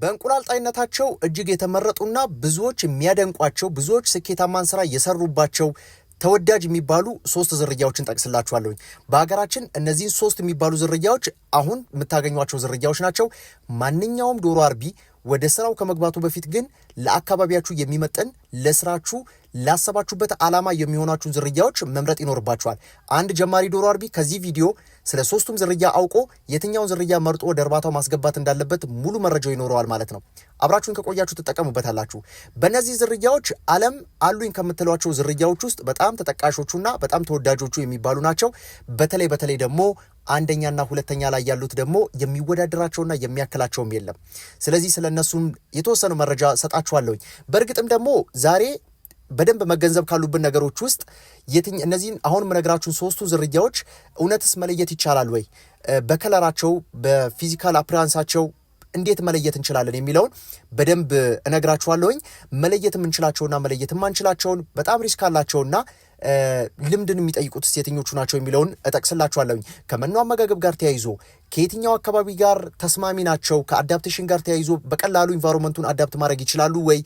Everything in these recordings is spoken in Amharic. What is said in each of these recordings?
በእንቁላል ጣይነታቸው እጅግ የተመረጡና ብዙዎች የሚያደንቋቸው ብዙዎች ስኬታማን ስራ የሰሩባቸው ተወዳጅ የሚባሉ ሶስት ዝርያዎችን ጠቅስላችኋለሁኝ። በሀገራችን እነዚህን ሶስት የሚባሉ ዝርያዎች አሁን የምታገኟቸው ዝርያዎች ናቸው። ማንኛውም ዶሮ አርቢ ወደ ስራው ከመግባቱ በፊት ግን ለአካባቢያችሁ የሚመጥን ለስራችሁ ላሰባችሁበት ዓላማ የሚሆናችሁን ዝርያዎች መምረጥ ይኖርባችኋል። አንድ ጀማሪ ዶሮ አርቢ ከዚህ ቪዲዮ ስለ ሶስቱም ዝርያ አውቆ የትኛውን ዝርያ መርጦ ወደ እርባታው ማስገባት እንዳለበት ሙሉ መረጃው ይኖረዋል ማለት ነው። አብራችሁን ከቆያችሁ ትጠቀሙበታላችሁ። በእነዚህ ዝርያዎች ዓለም አሉኝ ከምትሏቸው ዝርያዎች ውስጥ በጣም ተጠቃሾቹና በጣም ተወዳጆቹ የሚባሉ ናቸው። በተለይ በተለይ ደግሞ አንደኛና ሁለተኛ ላይ ያሉት ደግሞ የሚወዳደራቸውና የሚያክላቸውም የለም። ስለዚህ ስለ እነሱም የተወሰኑ መረጃ ሰጣችኋለሁኝ። በእርግጥም ደግሞ ዛሬ በደንብ መገንዘብ ካሉብን ነገሮች ውስጥ የትኝ እነዚህን አሁን የምነግራችሁን ሶስቱ ዝርያዎች እውነትስ መለየት ይቻላል ወይ? በከለራቸው በፊዚካል አፕራንሳቸው እንዴት መለየት እንችላለን የሚለውን በደንብ እነግራችኋለሁኝ። መለየት የምንችላቸውና መለየት የማንችላቸውን በጣም ሪስክ አላቸውና ልምድን የሚጠይቁት የትኞቹ ናቸው የሚለውን እጠቅስላችኋለሁኝ። ከመኖ አመጋገብ ጋር ተያይዞ ከየትኛው አካባቢ ጋር ተስማሚ ናቸው፣ ከአዳፕቴሽን ጋር ተያይዞ በቀላሉ ኢንቫይሮንመንቱን አዳፕት ማድረግ ይችላሉ ወይ፣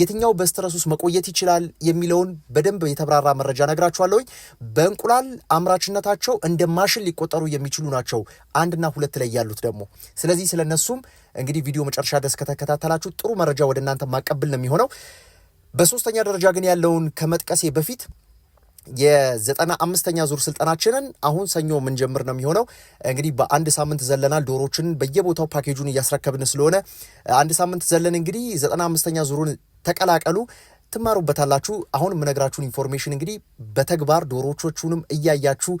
የትኛው በስትረስ ውስጥ መቆየት ይችላል የሚለውን በደንብ የተብራራ መረጃ ነግራችኋለሁኝ። በእንቁላል አምራችነታቸው እንደ ማሽን ሊቆጠሩ የሚችሉ ናቸው አንድና ሁለት ላይ ያሉት ደግሞ። ስለዚህ ስለነሱም እንግዲህ ቪዲዮ መጨረሻ ድረስ ከተከታተላችሁ ጥሩ መረጃ ወደ እናንተ ማቀብል ነው የሚሆነው። በሶስተኛ ደረጃ ግን ያለውን ከመጥቀሴ በፊት የዘጠና አምስተኛ ዙር ስልጠናችንን አሁን ሰኞ የምንጀምር ነው የሚሆነው። እንግዲህ በአንድ ሳምንት ዘለናል። ዶሮችን በየቦታው ፓኬጁን እያስረከብን ስለሆነ አንድ ሳምንት ዘለን እንግዲህ ዘጠና አምስተኛ ዙሩን ተቀላቀሉ። ትማሩበታላችሁ። አሁን የምነግራችሁን ኢንፎርሜሽን እንግዲህ በተግባር ዶሮቾቹንም እያያችሁ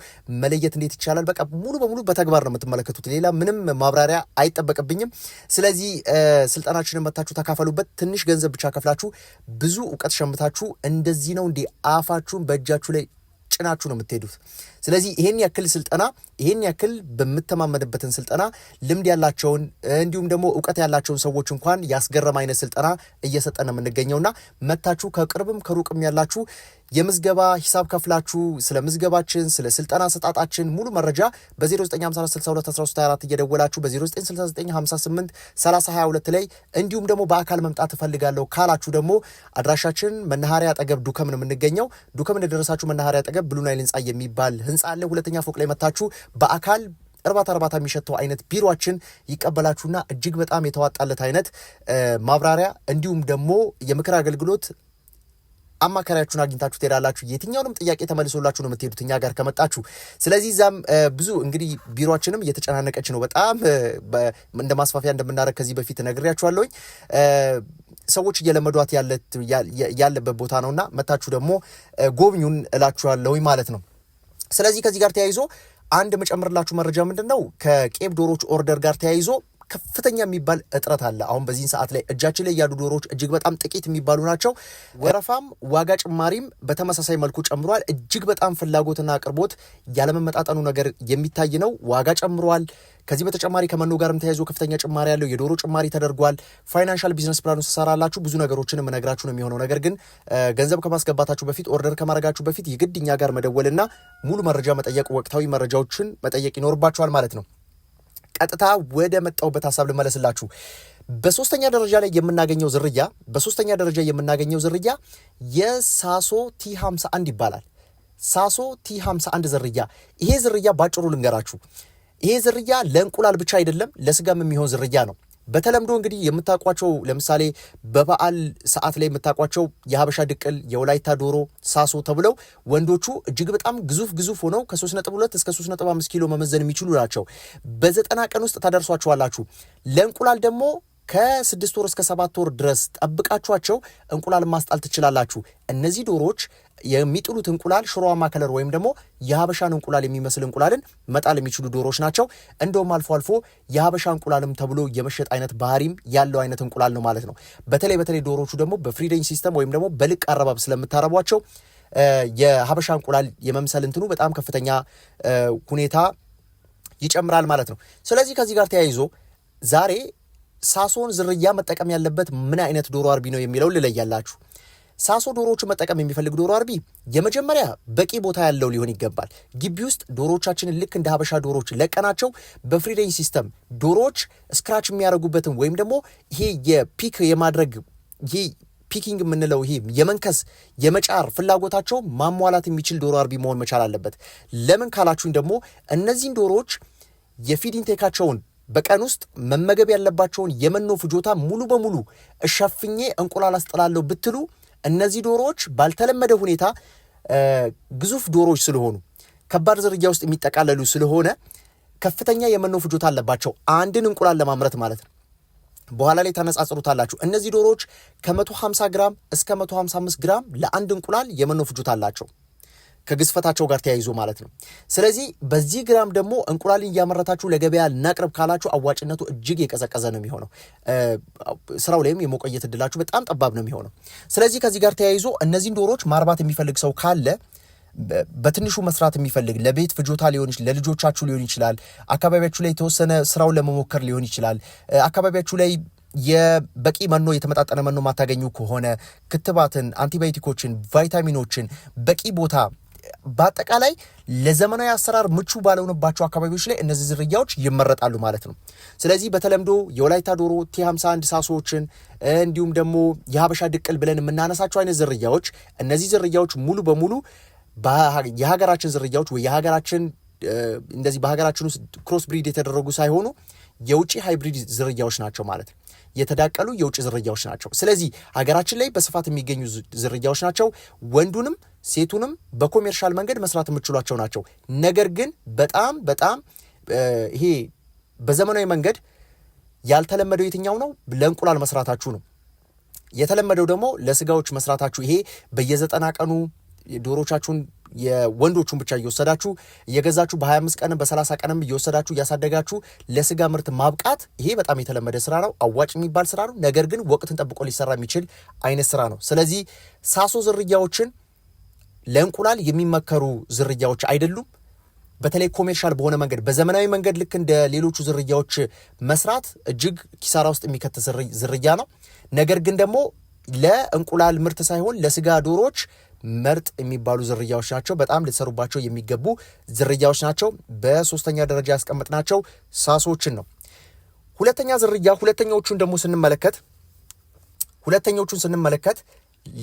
መለየት እንዴት ይቻላል፣ በቃ ሙሉ በሙሉ በተግባር ነው የምትመለከቱት። ሌላ ምንም ማብራሪያ አይጠበቅብኝም። ስለዚህ ስልጠናችንን መታችሁ ተካፈሉበት። ትንሽ ገንዘብ ብቻ ከፍላችሁ ብዙ እውቀት ሸምታችሁ እንደዚህ ነው እንዲህ አፋችሁን በእጃችሁ ላይ ጭናችሁ ነው የምትሄዱት። ስለዚህ ይሄን ያክል ስልጠና ይሄን ያክል በምተማመንበትን ስልጠና ልምድ ያላቸውን እንዲሁም ደግሞ እውቀት ያላቸውን ሰዎች እንኳን ያስገረም አይነት ስልጠና እየሰጠን ነው የምንገኘውና መታችሁ ከቅርብም ከሩቅም ያላችሁ የምዝገባ ሂሳብ ከፍላችሁ ስለ ምዝገባችን ስለ ስልጠና አሰጣጣችን ሙሉ መረጃ በ0954621324 እየደወላችሁ በ0999583022 ላይ እንዲሁም ደግሞ በአካል መምጣት እፈልጋለሁ ካላችሁ ደግሞ አድራሻችን መናኸሪያ አጠገብ ዱከም ነው የምንገኘው። ዱከም እንደደረሳችሁ መናኸሪያ አጠገብ ብሉ ናይል የሚባል ህንፃ አለ። ሁለተኛ ፎቅ ላይ መታችሁ በአካል እርባታ እርባታ የሚሸተው አይነት ቢሮችን ይቀበላችሁና እጅግ በጣም የተዋጣለት አይነት ማብራሪያ እንዲሁም ደግሞ የምክር አገልግሎት አማካሪያችሁን አግኝታችሁ ትሄዳላችሁ። የትኛውንም ጥያቄ ተመልሶላችሁ ነው የምትሄዱት እኛ ጋር ከመጣችሁ። ስለዚህ እዛም ብዙ እንግዲህ ቢሮችንም እየተጨናነቀች ነው በጣም እንደ ማስፋፊያ እንደምናደርግ ከዚህ በፊት ነግሬያችኋለሁኝ። ሰዎች እየለመዷት ያለበት ቦታ ነውና መታችሁ ደግሞ ጎብኙን እላችኋለሁኝ ማለት ነው። ስለዚህ ከዚህ ጋር ተያይዞ አንድ መጨምርላችሁ መረጃ ምንድን ነው ከቄብ ዶሮች ኦርደር ጋር ተያይዞ ከፍተኛ የሚባል እጥረት አለ። አሁን በዚህን ሰዓት ላይ እጃችን ላይ ያሉ ዶሮዎች እጅግ በጣም ጥቂት የሚባሉ ናቸው። ወረፋም ዋጋ ጭማሪም በተመሳሳይ መልኩ ጨምሯል። እጅግ በጣም ፍላጎትና አቅርቦት ያለመመጣጠኑ ነገር የሚታይ ነው። ዋጋ ጨምሯል። ከዚህ በተጨማሪ ከመኖ ጋርም ተያይዞ ከፍተኛ ጭማሪ ያለው የዶሮ ጭማሪ ተደርጓል። ፋይናንሻል ቢዝነስ ፕላኑ ትሰራላችሁ። ብዙ ነገሮችን የምነግራችሁ ነው የሚሆነው። ነገር ግን ገንዘብ ከማስገባታችሁ በፊት ኦርደር ከማድረጋችሁ በፊት የግድ እኛ ጋር መደወልና ሙሉ መረጃ መጠየቅ፣ ወቅታዊ መረጃዎችን መጠየቅ ይኖርባችኋል ማለት ነው። ቀጥታ ወደ መጣሁበት ሀሳብ ልመለስላችሁ። በሶስተኛ ደረጃ ላይ የምናገኘው ዝርያ በሶስተኛ ደረጃ የምናገኘው ዝርያ የሳሶ ቲ51 ይባላል። ሳሶ ቲ51 ዝርያ ይሄ ዝርያ ባጭሩ ልንገራችሁ። ይሄ ዝርያ ለእንቁላል ብቻ አይደለም ለስጋም የሚሆን ዝርያ ነው። በተለምዶ እንግዲህ የምታውቋቸው ለምሳሌ በበዓል ሰዓት ላይ የምታውቋቸው የሀበሻ ድቅል፣ የወላይታ ዶሮ፣ ሳሶ ተብለው ወንዶቹ እጅግ በጣም ግዙፍ ግዙፍ ሆነው ከ3.2 እስከ 3.5 ኪሎ መመዘን የሚችሉ ናቸው። በዘጠና ቀን ውስጥ ታደርሷቸዋላችሁ። ለእንቁላል ደግሞ ከስድስት ወር እስከ ሰባት ወር ድረስ ጠብቃችኋቸው እንቁላል ማስጣል ትችላላችሁ። እነዚህ ዶሮዎች የሚጥሉት እንቁላል ሽሮማ ከለር ወይም ደግሞ የሀበሻን እንቁላል የሚመስል እንቁላልን መጣል የሚችሉ ዶሮዎች ናቸው። እንደውም አልፎ አልፎ የሀበሻ እንቁላልም ተብሎ የመሸጥ አይነት ባህሪም ያለው አይነት እንቁላል ነው ማለት ነው። በተለይ በተለይ ዶሮዎቹ ደግሞ በፍሪደኝ ሲስተም ወይም ደግሞ በልቅ አረባብ ስለምታረቧቸው የሀበሻ እንቁላል የመምሰል እንትኑ በጣም ከፍተኛ ሁኔታ ይጨምራል ማለት ነው። ስለዚህ ከዚህ ጋር ተያይዞ ዛሬ ሳሶን ዝርያ መጠቀም ያለበት ምን አይነት ዶሮ አርቢ ነው የሚለው ልለያላችሁ። ሳሶ ዶሮዎቹን መጠቀም የሚፈልግ ዶሮ አርቢ የመጀመሪያ በቂ ቦታ ያለው ሊሆን ይገባል። ግቢ ውስጥ ዶሮዎቻችንን ልክ እንደ ሀበሻ ዶሮዎች ለቀናቸው በፍሪ ሲስተም ዶሮዎች ስክራች የሚያደርጉበትን ወይም ደግሞ ይሄ የፒክ የማድረግ ይሄ ፒኪንግ የምንለው ይሄ የመንከስ የመጫር ፍላጎታቸው ማሟላት የሚችል ዶሮ አርቢ መሆን መቻል አለበት። ለምን ካላችሁኝ ደግሞ እነዚህን ዶሮዎች የፊድ ኢንቴካቸውን በቀን ውስጥ መመገብ ያለባቸውን የመኖ ፍጆታ ሙሉ በሙሉ እሸፍኜ እንቁላል አስጥላለሁ ብትሉ እነዚህ ዶሮዎች ባልተለመደ ሁኔታ ግዙፍ ዶሮዎች ስለሆኑ ከባድ ዝርያ ውስጥ የሚጠቃለሉ ስለሆነ ከፍተኛ የመኖ ፍጆታ አለባቸው፣ አንድን እንቁላል ለማምረት ማለት ነው። በኋላ ላይ ተነጻጽሩታላችሁ። እነዚህ ዶሮዎች ከ150 ግራም እስከ 155 ግራም ለአንድ እንቁላል የመኖ ፍጆታ አላቸው። ከግዝፈታቸው ጋር ተያይዞ ማለት ነው። ስለዚህ በዚህ ግራም ደግሞ እንቁላልን እያመረታችሁ ለገበያ እናቅርብ ካላችሁ አዋጭነቱ እጅግ የቀዘቀዘ ነው የሚሆነው። ስራው ላይም የመቆየት እድላችሁ በጣም ጠባብ ነው የሚሆነው። ስለዚህ ከዚህ ጋር ተያይዞ እነዚህን ዶሮዎች ማርባት የሚፈልግ ሰው ካለ በትንሹ መስራት የሚፈልግ ለቤት ፍጆታ ሊሆን ይችላል፣ ለልጆቻችሁ ሊሆን ይችላል፣ አካባቢያችሁ ላይ የተወሰነ ስራውን ለመሞከር ሊሆን ይችላል። አካባቢያችሁ ላይ የበቂ መኖ የተመጣጠነ መኖ ማታገኙ ከሆነ ክትባትን፣ አንቲባዮቲኮችን፣ ቫይታሚኖችን በቂ ቦታ በአጠቃላይ ለዘመናዊ አሰራር ምቹ ባልሆነባቸው አካባቢዎች ላይ እነዚህ ዝርያዎች ይመረጣሉ ማለት ነው። ስለዚህ በተለምዶ የወላይታ ዶሮ ቲ51 ሳሶዎችን እንዲሁም ደግሞ የሀበሻ ድቅል ብለን የምናነሳቸው አይነት ዝርያዎች እነዚህ ዝርያዎች ሙሉ በሙሉ የሀገራችን ዝርያዎች ወይ የሀገራችን እንደዚህ በሀገራችን ውስጥ ክሮስ ብሪድ የተደረጉ ሳይሆኑ የውጭ ሃይብሪድ ዝርያዎች ናቸው ማለት ነው። የተዳቀሉ የውጭ ዝርያዎች ናቸው። ስለዚህ ሀገራችን ላይ በስፋት የሚገኙ ዝርያዎች ናቸው። ወንዱንም ሴቱንም በኮሜርሻል መንገድ መስራት የምችሏቸው ናቸው። ነገር ግን በጣም በጣም ይሄ በዘመናዊ መንገድ ያልተለመደው የትኛው ነው? ለእንቁላል መስራታችሁ ነው። የተለመደው ደግሞ ለስጋዎች መስራታችሁ ይሄ በየዘጠና ቀኑ ዶሮቻችሁን የወንዶቹን ብቻ እየወሰዳችሁ እየገዛችሁ በ25 ቀንም በ30 ቀንም እየወሰዳችሁ እያሳደጋችሁ ለስጋ ምርት ማብቃት ይሄ በጣም የተለመደ ስራ ነው። አዋጭ የሚባል ስራ ነው። ነገር ግን ወቅትን ጠብቆ ሊሰራ የሚችል አይነት ስራ ነው። ስለዚህ ሳሶ ዝርያዎችን ለእንቁላል የሚመከሩ ዝርያዎች አይደሉም። በተለይ ኮሜርሻል በሆነ መንገድ በዘመናዊ መንገድ ልክ እንደ ሌሎቹ ዝርያዎች መስራት እጅግ ኪሳራ ውስጥ የሚከት ዝርያ ነው። ነገር ግን ደግሞ ለእንቁላል ምርት ሳይሆን ለስጋ ዶሮዎች መርጥ የሚባሉ ዝርያዎች ናቸው። በጣም ልትሰሩባቸው የሚገቡ ዝርያዎች ናቸው። በሶስተኛ ደረጃ ያስቀመጥናቸው ሳሶችን ነው። ሁለተኛ ዝርያ ሁለተኛዎቹን ደግሞ ስንመለከት ሁለተኞቹን ስንመለከት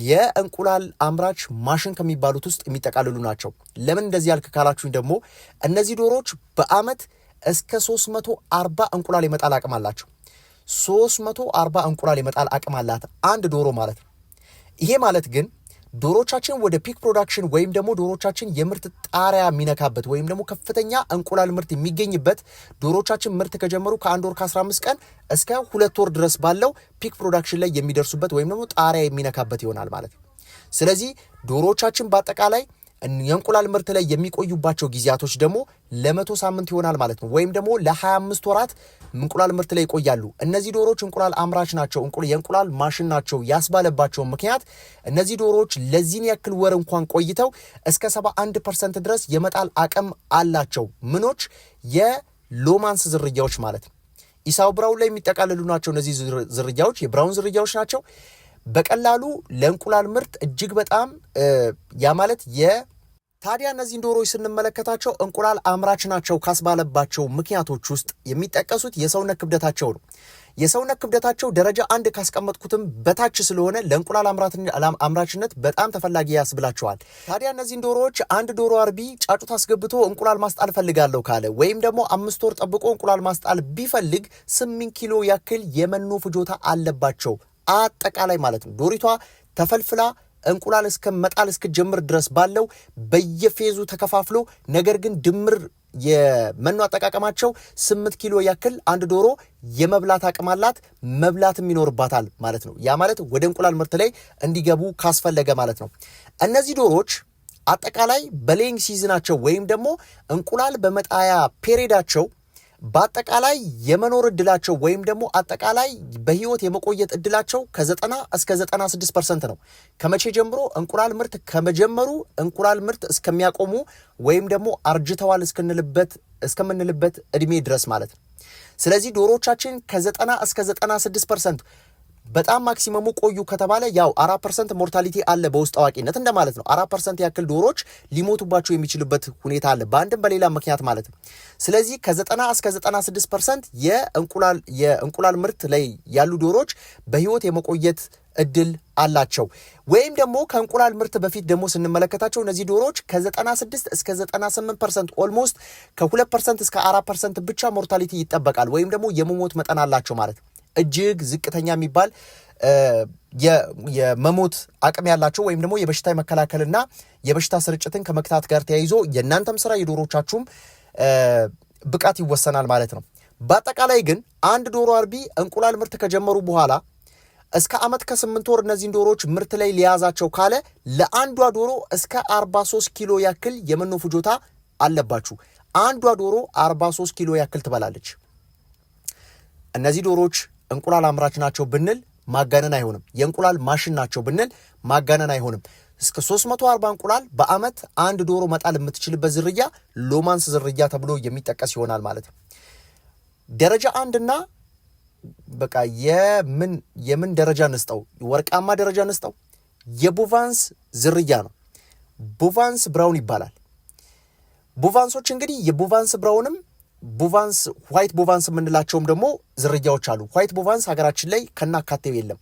የእንቁላል አምራች ማሽን ከሚባሉት ውስጥ የሚጠቃልሉ ናቸው። ለምን እንደዚህ ያልክ ካላችሁኝ ደግሞ እነዚህ ዶሮዎች በአመት እስከ 340 እንቁላል የመጣል አቅም አላቸው። 340 እንቁላል የመጣል አቅም አላት አንድ ዶሮ ማለት ነው። ይሄ ማለት ግን ዶሮቻችን ወደ ፒክ ፕሮዳክሽን ወይም ደግሞ ዶሮቻችን የምርት ጣሪያ የሚነካበት ወይም ደግሞ ከፍተኛ እንቁላል ምርት የሚገኝበት ዶሮቻችን ምርት ከጀመሩ ከአንድ ወር ከ15 ቀን እስከ ሁለት ወር ድረስ ባለው ፒክ ፕሮዳክሽን ላይ የሚደርሱበት ወይም ደግሞ ጣሪያ የሚነካበት ይሆናል ማለት ነው። ስለዚህ ዶሮቻችን በአጠቃላይ የእንቁላል ምርት ላይ የሚቆዩባቸው ጊዜያቶች ደግሞ ለመቶ ሳምንት ይሆናል ማለት ነው። ወይም ደግሞ ለ25 ወራት እንቁላል ምርት ላይ ይቆያሉ። እነዚህ ዶሮዎች እንቁላል አምራች ናቸው፣ የእንቁላል ማሽን ናቸው ያስባለባቸው ምክንያት እነዚህ ዶሮዎች ለዚህን ያክል ወር እንኳን ቆይተው እስከ 71 ፐርሰንት ድረስ የመጣል አቅም አላቸው። ምኖች የሎማንስ ዝርያዎች ማለት ነው። ኢሳው ብራውን ላይ የሚጠቃልሉ ናቸው። እነዚህ ዝርያዎች የብራውን ዝርያዎች ናቸው። በቀላሉ ለእንቁላል ምርት እጅግ በጣም ያ ማለት ታዲያ እነዚህን ዶሮዎች ስንመለከታቸው እንቁላል አምራች ናቸው ካስባለባቸው ምክንያቶች ውስጥ የሚጠቀሱት የሰውነት ክብደታቸው ነው። የሰውነት ክብደታቸው ደረጃ አንድ ካስቀመጥኩትም በታች ስለሆነ ለእንቁላል አምራችነት በጣም ተፈላጊ ያስብላቸዋል። ታዲያ እነዚህን ዶሮዎች አንድ ዶሮ አርቢ ጫጩት አስገብቶ እንቁላል ማስጣል ፈልጋለሁ ካለ ወይም ደግሞ አምስት ወር ጠብቆ እንቁላል ማስጣል ቢፈልግ ስምንት ኪሎ ያክል የመኖ ፍጆታ አለባቸው አጠቃላይ ማለት ነው። ዶሪቷ ተፈልፍላ እንቁላል እስከ መጣል ጀምር ድረስ ባለው በየፌዙ ተከፋፍሎ ነገር ግን ድምር የመኖ አጠቃቀማቸው ስምንት ኪሎ ያክል አንድ ዶሮ የመብላት አቅም አላት። መብላትም ይኖርባታል ማለት ነው። ያ ማለት ወደ እንቁላል ምርት ላይ እንዲገቡ ካስፈለገ ማለት ነው። እነዚህ ዶሮዎች አጠቃላይ በሌይንግ ሲዝናቸው ወይም ደግሞ እንቁላል በመጣያ ፔሬዳቸው በአጠቃላይ የመኖር እድላቸው ወይም ደግሞ አጠቃላይ በህይወት የመቆየት እድላቸው ከ90 እስከ 96 ፐርሰንት ነው። ከመቼ ጀምሮ? እንቁላል ምርት ከመጀመሩ እንቁላል ምርት እስከሚያቆሙ ወይም ደግሞ አርጅተዋል እስክንልበት እስከምንልበት እድሜ ድረስ ማለት ነው። ስለዚህ ዶሮዎቻችን ከ እስከ እስከ 96 ፐርሰንት በጣም ማክሲመሙ ቆዩ ከተባለ ያው አራት ፐርሰንት ሞርታሊቲ አለ በውስጥ አዋቂነት እንደማለት ነው። አራት ፐርሰንት ያክል ዶሮዎች ሊሞቱባቸው የሚችልበት ሁኔታ አለ በአንድም በሌላ ምክንያት ማለት ነው። ስለዚህ ከዘጠና እስከ ዘጠና ስድስት ፐርሰንት የእንቁላል ምርት ላይ ያሉ ዶሮዎች በህይወት የመቆየት እድል አላቸው። ወይም ደግሞ ከእንቁላል ምርት በፊት ደግሞ ስንመለከታቸው እነዚህ ዶሮዎች ከ96 እስከ 98 ፐርሰንት ኦልሞስት ከ2 ፐርሰንት እስከ 4 ፐርሰንት ብቻ ሞርታሊቲ ይጠበቃል ወይም ደግሞ የመሞት መጠን አላቸው ማለት ነው። እጅግ ዝቅተኛ የሚባል የመሞት አቅም ያላቸው ወይም ደግሞ የበሽታ የመከላከልና የበሽታ ስርጭትን ከመክታት ጋር ተያይዞ የእናንተም ስራ የዶሮቻችሁም ብቃት ይወሰናል ማለት ነው። በአጠቃላይ ግን አንድ ዶሮ አርቢ እንቁላል ምርት ከጀመሩ በኋላ እስከ ዓመት ከስምንት ወር እነዚህን ዶሮዎች ምርት ላይ ሊያዛቸው ካለ ለአንዷ ዶሮ እስከ 43 ኪሎ ያክል የመኖ ፍጆታ አለባችሁ። አንዷ ዶሮ 43 ኪሎ ያክል ትበላለች። እነዚህ ዶሮዎች እንቁላል አምራች ናቸው ብንል ማጋነን አይሆንም። የእንቁላል ማሽን ናቸው ብንል ማጋነን አይሆንም። እስከ 340 እንቁላል በዓመት አንድ ዶሮ መጣል የምትችልበት ዝርያ ሎማንስ ዝርያ ተብሎ የሚጠቀስ ይሆናል ማለት ነው። ደረጃ አንድና በቃ የምን የምን ደረጃ ንስጠው ወርቃማ ደረጃ ንስጠው የቡቫንስ ዝርያ ነው። ቡቫንስ ብራውን ይባላል። ቡቫንሶች እንግዲህ የቡቫንስ ብራውንም ቡቫንስ ዋይት ቡቫንስ የምንላቸውም ደግሞ ዝርያዎች አሉ። ዋይት ቡቫንስ ሀገራችን ላይ ከናካቴው የለም።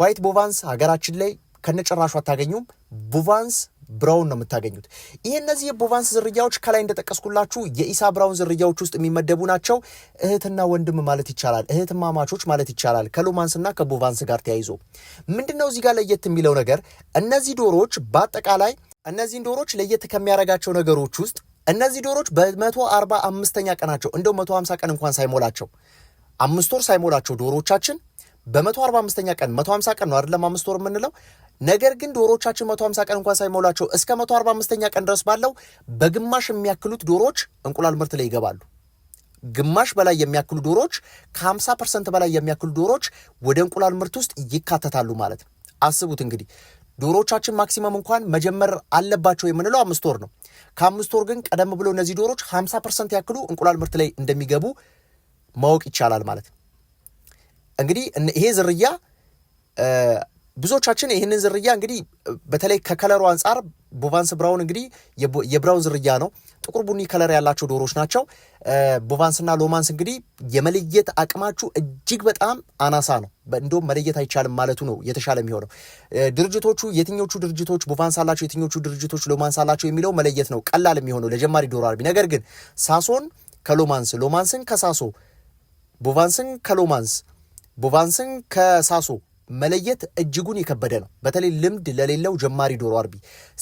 ዋይት ቡቫንስ ሀገራችን ላይ ከነጭራሹ አታገኙም። ቡቫንስ ብራውን ነው የምታገኙት። ይህ እነዚህ የቡቫንስ ዝርያዎች ከላይ እንደጠቀስኩላችሁ የኢሳ ብራውን ዝርያዎች ውስጥ የሚመደቡ ናቸው። እህትና ወንድም ማለት ይቻላል፣ እህትማማቾች ማለት ይቻላል። ከሎማንስና ከቡቫንስ ጋር ተያይዞ ምንድን ነው እዚህ ጋር ለየት የሚለው ነገር እነዚህ ዶሮዎች በአጠቃላይ እነዚህን ዶሮዎች ለየት ከሚያደርጋቸው ነገሮች ውስጥ እነዚህ ዶሮች በመቶ አርባ አምስተኛ ቀናቸው እንደው መቶ ሀምሳ ቀን እንኳን ሳይሞላቸው አምስት ወር ሳይሞላቸው ዶሮቻችን በመቶ አርባ አምስተኛ ቀን መቶ ሀምሳ ቀን ነው አይደለም አምስት ወር የምንለው ነገር ግን ዶሮቻችን መቶ ሀምሳ ቀን እንኳን ሳይሞላቸው እስከ መቶ አርባ አምስተኛ ቀን ድረስ ባለው በግማሽ የሚያክሉት ዶሮች እንቁላል ምርት ላይ ይገባሉ። ግማሽ በላይ የሚያክሉ ዶሮች ከ50 ፐርሰንት በላይ የሚያክሉ ዶሮች ወደ እንቁላል ምርት ውስጥ ይካተታሉ ማለት ነው። አስቡት እንግዲህ ዶሮዎቻችን ማክሲመም እንኳን መጀመር አለባቸው የምንለው አምስት ወር ነው። ከአምስት ወር ግን ቀደም ብሎ እነዚህ ዶሮዎች ሀምሳ ፐርሰንት ያክሉ እንቁላል ምርት ላይ እንደሚገቡ ማወቅ ይቻላል ማለት ነው። እንግዲህ ይሄ ዝርያ ብዙዎቻችን ይህንን ዝርያ እንግዲህ በተለይ ከከለሩ አንጻር ቦቫንስ ብራውን እንግዲህ የብራውን ዝርያ ነው። ጥቁር ቡኒ ከለር ያላቸው ዶሮዎች ናቸው። ቦቫንስና ሎማንስ እንግዲህ የመለየት አቅማችሁ እጅግ በጣም አናሳ ነው። እንደውም መለየት አይቻልም ማለቱ ነው የተሻለ የሚሆነው። ድርጅቶቹ የትኞቹ ድርጅቶች ቦቫንስ አላቸው፣ የትኞቹ ድርጅቶች ሎማንስ አላቸው የሚለው መለየት ነው ቀላል የሚሆነው ለጀማሪ ዶሮ አርቢ። ነገር ግን ሳሶን ከሎማንስ፣ ሎማንስን ከሳሶ፣ ቦቫንስን ከሎማንስ፣ ቦቫንስን ከሳሶ መለየት እጅጉን የከበደ ነው። በተለይ ልምድ ለሌለው ጀማሪ ዶሮ አርቢ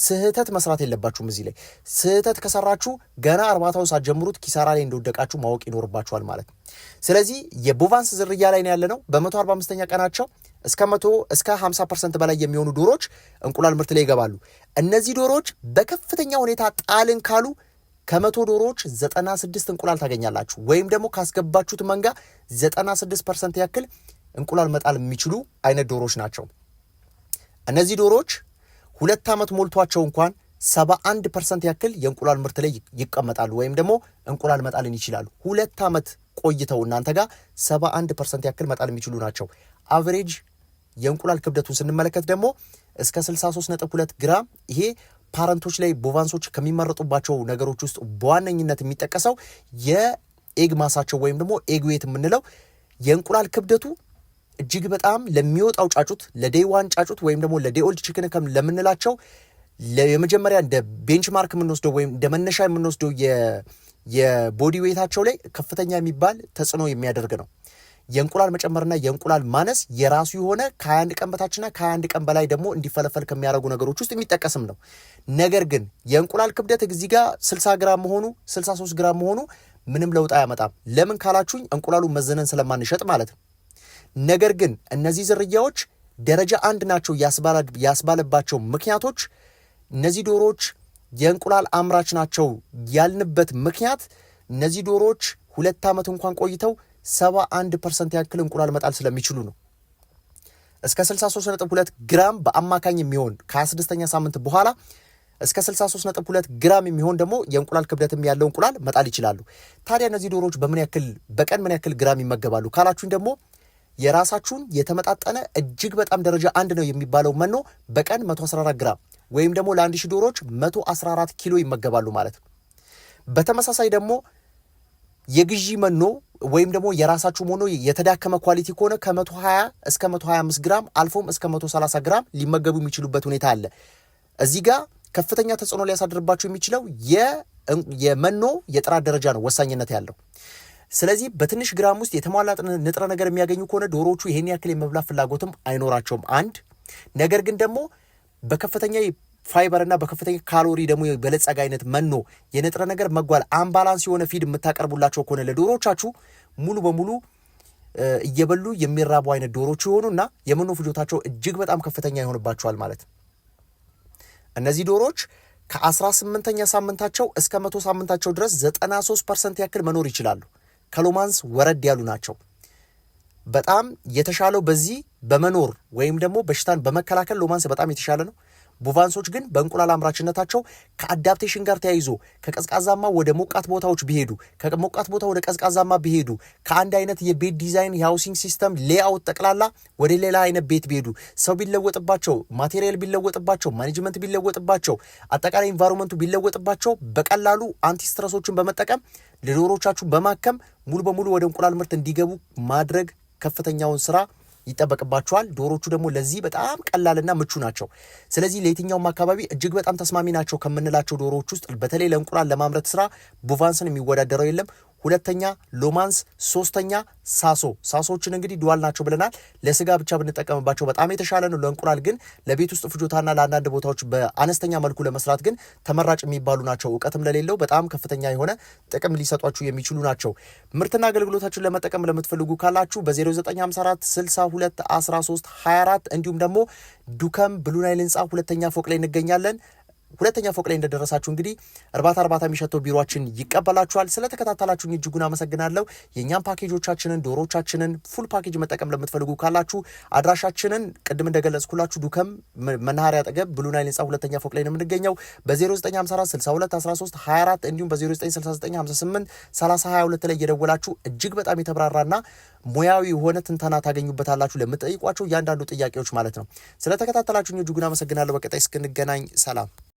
ስህተት መስራት የለባችሁም። እዚህ ላይ ስህተት ከሰራችሁ ገና እርባታው ሳትጀምሩት ኪሳራ ላይ እንደወደቃችሁ ማወቅ ይኖርባችኋል ማለት ነው። ስለዚህ የቦቫንስ ዝርያ ላይ ነው ያለነው በመቶ አርባ ኛ ቀናቸው እስከ መቶ እስከ ሀምሳ ፐርሰንት በላይ የሚሆኑ ዶሮዎች እንቁላል ምርት ላይ ይገባሉ። እነዚህ ዶሮዎች በከፍተኛ ሁኔታ ጣልን ካሉ ከመቶ ዶሮዎች ዘጠና ስድስት እንቁላል ታገኛላችሁ። ወይም ደግሞ ካስገባችሁት መንጋ ዘጠና ስድስት ፐርሰንት ያክል እንቁላል መጣል የሚችሉ አይነት ዶሮዎች ናቸው። እነዚህ ዶሮዎች ሁለት ዓመት ሞልቷቸው እንኳን 71 ፐርሰንት ያክል የእንቁላል ምርት ላይ ይቀመጣሉ ወይም ደግሞ እንቁላል መጣልን ይችላሉ። ሁለት ዓመት ቆይተው እናንተ ጋር 71 ፐርሰንት ያክል መጣል የሚችሉ ናቸው። አቨሬጅ የእንቁላል ክብደቱን ስንመለከት ደግሞ እስከ 63.2 ግራም ይሄ ፓረንቶች ላይ ቦቫንሶች ከሚመረጡባቸው ነገሮች ውስጥ በዋነኝነት የሚጠቀሰው የኤግ ማሳቸው ወይም ደግሞ ኤግ ዌት የምንለው የእንቁላል ክብደቱ እጅግ በጣም ለሚወጣው ጫጩት ዋን ጫጩት ወይም ደግሞ ኦልድ ቺክን ከም ለምንላቸው የመጀመሪያ እንደ ቤንችማርክ የምንወስደው ወይም እንደ መነሻ የምንወስደው የቦዲ ዌታቸው ላይ ከፍተኛ የሚባል ተጽዕኖ የሚያደርግ ነው። የእንቁላል መጨመርና የእንቁላል ማነስ የራሱ የሆነ ከ21 ቀን በታችና ከ21 ቀን በላይ ደግሞ እንዲፈለፈል ከሚያደርጉ ነገሮች ውስጥ የሚጠቀስም ነው። ነገር ግን የእንቁላል ክብደት እዚህ ጋር 60 ግራም መሆኑ 63 ግራም መሆኑ ምንም ለውጥ አያመጣም። ለምን ካላችሁኝ እንቁላሉ መዘነን ስለማንሸጥ ማለት ነው። ነገር ግን እነዚህ ዝርያዎች ደረጃ አንድ ናቸው ያስባለባቸው ምክንያቶች እነዚህ ዶሮዎች የእንቁላል አምራች ናቸው ያልንበት ምክንያት እነዚህ ዶሮዎች ሁለት ዓመት እንኳን ቆይተው 71 ፐርሰንት ያክል እንቁላል መጣል ስለሚችሉ ነው። እስከ 63.2 ግራም በአማካኝ የሚሆን ከ26ኛ ሳምንት በኋላ እስከ 63.2 ግራም የሚሆን ደግሞ የእንቁላል ክብደትም ያለው እንቁላል መጣል ይችላሉ። ታዲያ እነዚህ ዶሮዎች በምን ያክል በቀን ምን ያክል ግራም ይመገባሉ ካላችሁኝ ደግሞ የራሳችሁን የተመጣጠነ እጅግ በጣም ደረጃ አንድ ነው የሚባለው መኖ በቀን 114 ግራም ወይም ደግሞ ለአንድ ሺህ ዶሮዎች 114 ኪሎ ይመገባሉ ማለት ነው። በተመሳሳይ ደግሞ የግዢ መኖ ወይም ደግሞ የራሳችሁ መኖ የተዳከመ ኳሊቲ ከሆነ ከ120 እስከ 125 ግራም አልፎም እስከ 130 ግራም ሊመገቡ የሚችሉበት ሁኔታ አለ። እዚህ ጋር ከፍተኛ ተጽዕኖ ሊያሳድርባቸው የሚችለው የመኖ የጥራት ደረጃ ነው ወሳኝነት ያለው። ስለዚህ በትንሽ ግራም ውስጥ የተሟላ ንጥረ ነገር የሚያገኙ ከሆነ ዶሮዎቹ ይሄን ያክል የመብላት ፍላጎትም አይኖራቸውም። አንድ ነገር ግን ደግሞ በከፍተኛ ፋይበር እና በከፍተኛ ካሎሪ ደግሞ የበለጸገ አይነት መኖ የንጥረ ነገር መጓል አምባላንስ የሆነ ፊድ የምታቀርቡላቸው ከሆነ ለዶሮቻችሁ ሙሉ በሙሉ እየበሉ የሚራቡ አይነት ዶሮች እና የመኖ ፍጆታቸው እጅግ በጣም ከፍተኛ ይሆንባቸዋል ማለት ነው። እነዚህ ዶሮዎች ከአስራ ስምንተኛ ሳምንታቸው እስከ መቶ ሳምንታቸው ድረስ ዘጠና ሶስት ፐርሰንት ያክል መኖር ይችላሉ። ከሎማንስ ወረድ ያሉ ናቸው። በጣም የተሻለው በዚህ በመኖር ወይም ደግሞ በሽታን በመከላከል ሎማንስ በጣም የተሻለ ነው። ቡቫንሶች ግን በእንቁላል አምራችነታቸው ከአዳፕቴሽን ጋር ተያይዞ ከቀዝቃዛማ ወደ ሞቃት ቦታዎች ቢሄዱ፣ ከሞቃት ቦታ ወደ ቀዝቃዛማ ቢሄዱ፣ ከአንድ አይነት የቤት ዲዛይን የሃውሲንግ ሲስተም ሌአውት ጠቅላላ ወደ ሌላ አይነት ቤት ቢሄዱ፣ ሰው ቢለወጥባቸው፣ ማቴሪያል ቢለወጥባቸው፣ ማኔጅመንት ቢለወጥባቸው፣ አጠቃላይ ኢንቫይሮንመንቱ ቢለወጥባቸው በቀላሉ አንቲስትረሶችን በመጠቀም ለዶሮቻችሁ በማከም ሙሉ በሙሉ ወደ እንቁላል ምርት እንዲገቡ ማድረግ ከፍተኛውን ስራ ይጠበቅባቸዋል። ዶሮቹ ደግሞ ለዚህ በጣም ቀላልና ምቹ ናቸው። ስለዚህ ለየትኛውም አካባቢ እጅግ በጣም ተስማሚ ናቸው ከምንላቸው ዶሮዎች ውስጥ በተለይ ለእንቁላል ለማምረት ስራ ቡቫንስን የሚወዳደረው የለም። ሁለተኛ ሎማንስ፣ ሶስተኛ ሳሶ። ሳሶዎችን እንግዲህ ዱዋል ናቸው ብለናል። ለስጋ ብቻ ብንጠቀምባቸው በጣም የተሻለ ነው። ለእንቁላል ግን ለቤት ውስጥ ፍጆታና ለአንዳንድ ቦታዎች በአነስተኛ መልኩ ለመስራት ግን ተመራጭ የሚባሉ ናቸው። እውቀትም ለሌለው በጣም ከፍተኛ የሆነ ጥቅም ሊሰጧችሁ የሚችሉ ናቸው። ምርትና አገልግሎታችን ለመጠቀም ለምትፈልጉ ካላችሁ በ0954 62 13 24 እንዲሁም ደግሞ ዱከም ብሉናይል ህንፃ ሁለተኛ ፎቅ ላይ እንገኛለን። ሁለተኛ ፎቅ ላይ እንደደረሳችሁ እንግዲህ እርባታ እርባታ የሚሸተው ቢሮችን ይቀበላችኋል። ስለተከታተላችሁኝ እጅጉን አመሰግናለሁ። የእኛም ፓኬጆቻችንን፣ ዶሮቻችንን ፉል ፓኬጅ መጠቀም ለምትፈልጉ ካላችሁ አድራሻችንን ቅድም እንደገለጽኩላችሁ ዱከም መናኸሪያ አጠገብ ብሉ ናይል ህንፃ ሁለተኛ ፎቅ ላይ ነው የምንገኘው በ0954 62 13 24 እንዲሁም በ0969 58 30 22 ላይ እየደወላችሁ እጅግ በጣም የተብራራና ሙያዊ የሆነ ትንተና ታገኙበታላችሁ ለምትጠይቋቸው እያንዳንዱ ጥያቄዎች ማለት ነው። ስለተከታተላችሁኝ እጅጉን አመሰግናለሁ። በቀጣይ እስክንገናኝ ሰላም።